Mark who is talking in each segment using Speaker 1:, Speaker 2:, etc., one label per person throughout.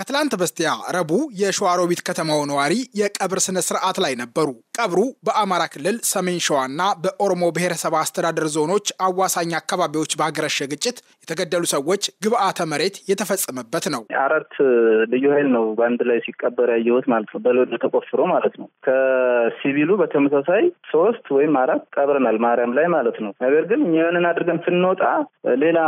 Speaker 1: ከትላንት በስቲያ ረቡዕ የሸዋሮቢት ከተማው ነዋሪ የቀብር ስነ ስርዓት ላይ ነበሩ። ቀብሩ በአማራ ክልል ሰሜን ሸዋና በኦሮሞ ብሔረሰብ አስተዳደር ዞኖች አዋሳኝ አካባቢዎች በሀገረሸ ግጭት የተገደሉ ሰዎች ግብአተ መሬት የተፈጸመበት ነው።
Speaker 2: አራት ልዩ ኃይል ነው በአንድ ላይ ሲቀበር ያየሁት ማለት ነው። በሎድ ተቆፍሮ ማለት ነው። ከሲቪሉ በተመሳሳይ ሶስት ወይም አራት ቀብረናል ማርያም ላይ ማለት ነው። ነገር ግን የሆንን አድርገን ስንወጣ ሌላ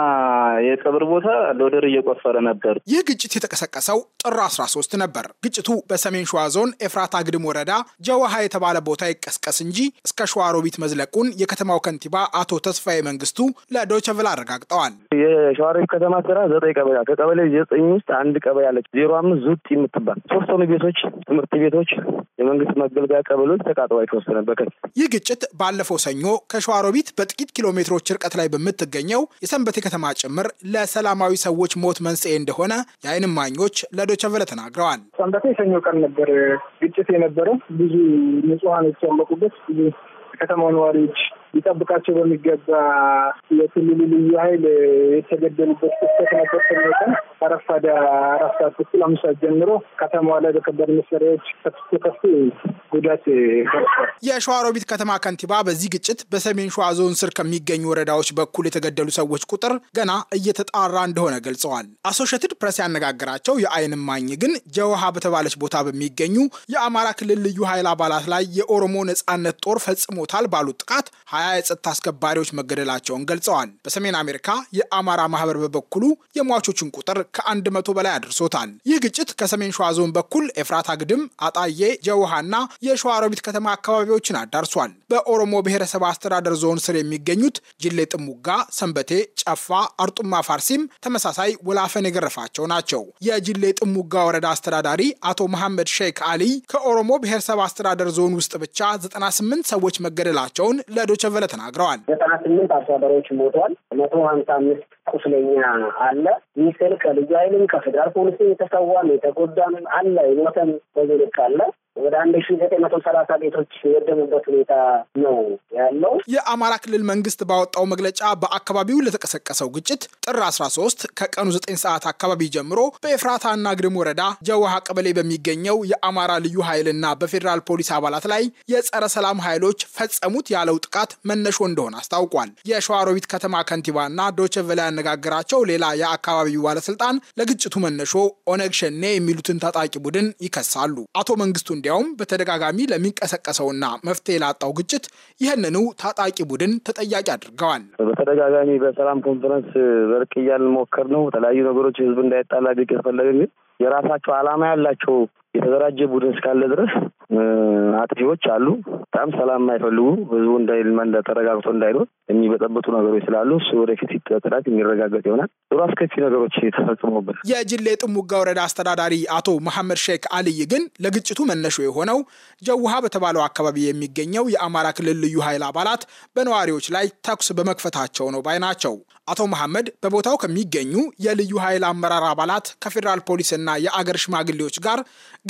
Speaker 2: የቀብር ቦታ ሎደር እየቆፈረ ነበር።
Speaker 1: ይህ ግጭት የተቀሰቀሰው የጀመረው ጥር 13 ነበር። ግጭቱ በሰሜን ሸዋ ዞን ኤፍራት አግድም ወረዳ ጀዋሃ የተባለ ቦታ ይቀስቀስ እንጂ እስከ ሸዋሮቢት መዝለቁን የከተማው ከንቲባ አቶ ተስፋዬ መንግስቱ ለዶቸቭል አረጋግጠዋል።
Speaker 2: የሸዋሮቢት ከተማ ስራ ዘጠኝ ቀበሌ ከቀበሌ ዘጠኝ ውስጥ አንድ ቀበሌ ያለች ዜሮ አምስት ዙጥ የምትባል ሶስቱን ቤቶች፣ ትምህርት ቤቶች፣
Speaker 1: የመንግስት መገልገያ ቀበሌዎች
Speaker 2: የተወሰነ በከት
Speaker 1: ይህ ግጭት ባለፈው ሰኞ ከሸዋሮቢት በጥቂት ኪሎ ሜትሮች ርቀት ላይ በምትገኘው የሰንበቴ ከተማ ጭምር ለሰላማዊ ሰዎች ሞት መንስኤ እንደሆነ የአይን እማኞች ለዶቸቨለ ተናግረዋል።
Speaker 3: ሰንበቴ የሰኞ ቀን ነበር ግጭት የነበረው። ብዙ ንጹሀን የተጨመቁበት ብዙ ከተማ ነዋሪዎች ሊጠብቃቸው በሚገባ የክልሉ ልዩ ኃይል የተገደሉበት ክስተት ነበር። መጠን ከረፋዳ አራት ሰዓት ተኩል አምስት ሰዓት ጀምሮ ከተማዋ ላይ በከባድ መሳሪያዎች ከፍቶ ከፍቶ ጉዳት ደርሷል።
Speaker 1: የሸዋሮቢት ከተማ ከንቲባ በዚህ ግጭት በሰሜን ሸዋ ዞን ስር ከሚገኙ ወረዳዎች በኩል የተገደሉ ሰዎች ቁጥር ገና እየተጣራ እንደሆነ ገልጸዋል። አሶሽትድ ፕሬስ ያነጋገራቸው የአይን እማኝ ግን ጀውሃ በተባለች ቦታ በሚገኙ የአማራ ክልል ልዩ ኃይል አባላት ላይ የኦሮሞ ነጻነት ጦር ፈጽሞታል ባሉት ጥቃት ሀያ የጸጥታ አስከባሪዎች መገደላቸውን ገልጸዋል። በሰሜን አሜሪካ የአማራ ማህበር በበኩሉ የሟቾችን ቁጥር ከአንድ መቶ በላይ አድርሶታል። ይህ ግጭት ከሰሜን ሸዋ ዞን በኩል ኤፍራት አግድም፣ አጣዬ፣ ጀውሃና የሸዋሮቢት ከተማ አካባቢዎችን አዳርሷል። በኦሮሞ ብሔረሰብ አስተዳደር ዞን ስር የሚገኙት ጅሌ ጥሙጋ፣ ሰንበቴ፣ ጨፋ፣ አርጡማ ፋርሲም ተመሳሳይ ወላፈን የገረፋቸው ናቸው። የጅሌ ጥሙጋ ወረዳ አስተዳዳሪ አቶ መሐመድ ሼክ አሊ ከኦሮሞ ብሔረሰብ አስተዳደር ዞን ውስጥ ብቻ 98 ሰዎች መገደላቸውን ለዶቸ ሸቨለ ተናግረዋል።
Speaker 3: ዘጠና ስምንት አርሶ አደሮች ሞተዋል። መቶ ሀምሳ አምስት ቁስለኛ አለ። ይህ ስል ከልዩ ኃይልም ከፌዴራል ፖሊስም የተሰዋም የተጎዳም አለ። የሞተም በዚህ ልክ አለ። ወደ አንድ ሺ ዘጠኝ መቶ ሰላሳ ቤቶች የወደሙበት ሁኔታ
Speaker 1: ነው ያለው። የአማራ ክልል መንግስት ባወጣው መግለጫ በአካባቢው ለተቀሰቀሰው ግጭት ጥር አስራ ሶስት ከቀኑ ዘጠኝ ሰዓት አካባቢ ጀምሮ በኤፍራታና ግድም ወረዳ ጀውሃ ቀበሌ በሚገኘው የአማራ ልዩ ኃይልና በፌዴራል ፖሊስ አባላት ላይ የጸረ ሰላም ኃይሎች ፈጸሙት ያለው ጥቃት መነሾ እንደሆነ አስታውቋል። የሸዋሮቢት ከተማ ከንቲባና ዶቼ ቬለ ያነጋገራቸው ሌላ የአካባቢው ባለስልጣን ለግጭቱ መነሾ ኦነግ ሸኔ የሚሉትን ታጣቂ ቡድን ይከሳሉ። አቶ መንግስቱ እንዲ እንዲያውም በተደጋጋሚ ለሚንቀሰቀሰውና መፍትሄ ላጣው ግጭት ይህንኑ ታጣቂ ቡድን ተጠያቂ አድርገዋል።
Speaker 2: በተደጋጋሚ በሰላም ኮንፈረንስ በርቅ እያልን ሞከር ነው የተለያዩ ነገሮች ህዝብ እንዳይጣላ ግጭት ፈለገ። ግን የራሳቸው ዓላማ ያላቸው የተደራጀ ቡድን እስካለ ድረስ አጥፊዎች አሉ። በጣም ሰላም የማይፈልጉ ህዝቡ እንዳይልማ ተረጋግቶ እንዳይኖር የሚበጠበጡ ነገሮች ስላሉ እሱ ወደፊት ጥናት የሚረጋገጥ ይሆናል። ጥሩ አስከፊ ነገሮች ተፈጽሞብን።
Speaker 1: የጅሌ ጥሙጋ ወረዳ አስተዳዳሪ አቶ መሐመድ ሼክ አልይ ግን ለግጭቱ መነሾ የሆነው ጀውሃ በተባለው አካባቢ የሚገኘው የአማራ ክልል ልዩ ኃይል አባላት በነዋሪዎች ላይ ተኩስ በመክፈታቸው ነው ባይ ናቸው። አቶ መሐመድ በቦታው ከሚገኙ የልዩ ኃይል አመራር አባላት ከፌዴራል ፖሊስና የአገር ሽማግሌዎች ጋር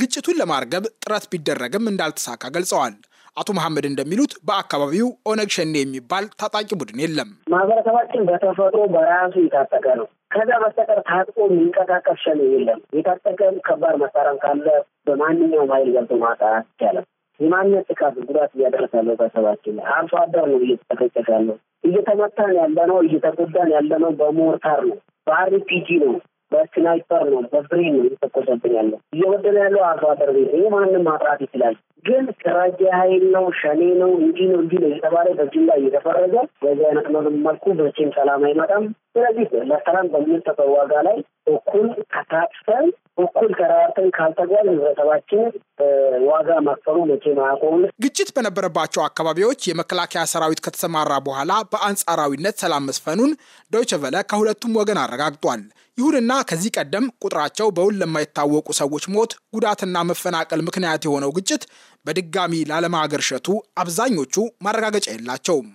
Speaker 1: ግጭቱን ለማርገብ ጥረት ቢደረግ ማድረግም እንዳልተሳካ ገልጸዋል። አቶ መሐመድ እንደሚሉት በአካባቢው ኦነግ ሸኔ የሚባል ታጣቂ ቡድን የለም።
Speaker 3: ማህበረሰባችን በተፈጥሮ በራሱ የታጠቀ ነው። ከዛ በስተቀር ታጥቆ የሚንቀሳቀስ ሸኔ የለም። የታጠቀም ከባድ መሳሪያም ካለ በማንኛውም ኃይል ገብቶ ማጣራት ይቻላል። የማንነት ጥቃት ጉዳት እያደረሰ ያለው በሰባችን ላይ አርሶ አደር ነው እየተጨፈጨፈ ያለው። እየተመታን ያለ ነው፣ እየተጎዳን ያለ ነው። በሞርታር ነው፣ በአርፒጂ ነው፣ በስናይፐር ነው በብሬን ነው እየተኮሰብን ያለው እየወደለ ያለው አርሶ አደር ቤት። ይህ ማንም ማጥራት ይችላል። ግን ስራጅ ሀይል ነው ሸኔ ነው እንዲህ ነው እንዲህ ነው የተባለ በጅምላ እየተፈረገ በዚህ አይነት መልኩ መቼም ሰላም አይመጣም። ስለዚህ መሰላም በምንሰጠው ዋጋ ላይ እኩል ተሳትፈን እኩል ተራርተን ካልተጓል ህብረተሰባችን ዋጋ መክፈሉ መቼም አያቆምም።
Speaker 1: ግጭት በነበረባቸው አካባቢዎች የመከላከያ ሰራዊት ከተሰማራ በኋላ በአንጻራዊነት ሰላም መስፈኑን ዶይቸ ቨለ ከሁለቱም ወገን አረጋግጧል። ይሁንና ከዚህ ቀደም ቁጥራቸው በውል ለማይታወቁ ሰዎች ሞት፣ ጉዳትና መፈናቀል ምክንያት የሆነው ግጭት በድጋሚ ላለማገርሸቱ አብዛኞቹ ማረጋገጫ የላቸውም።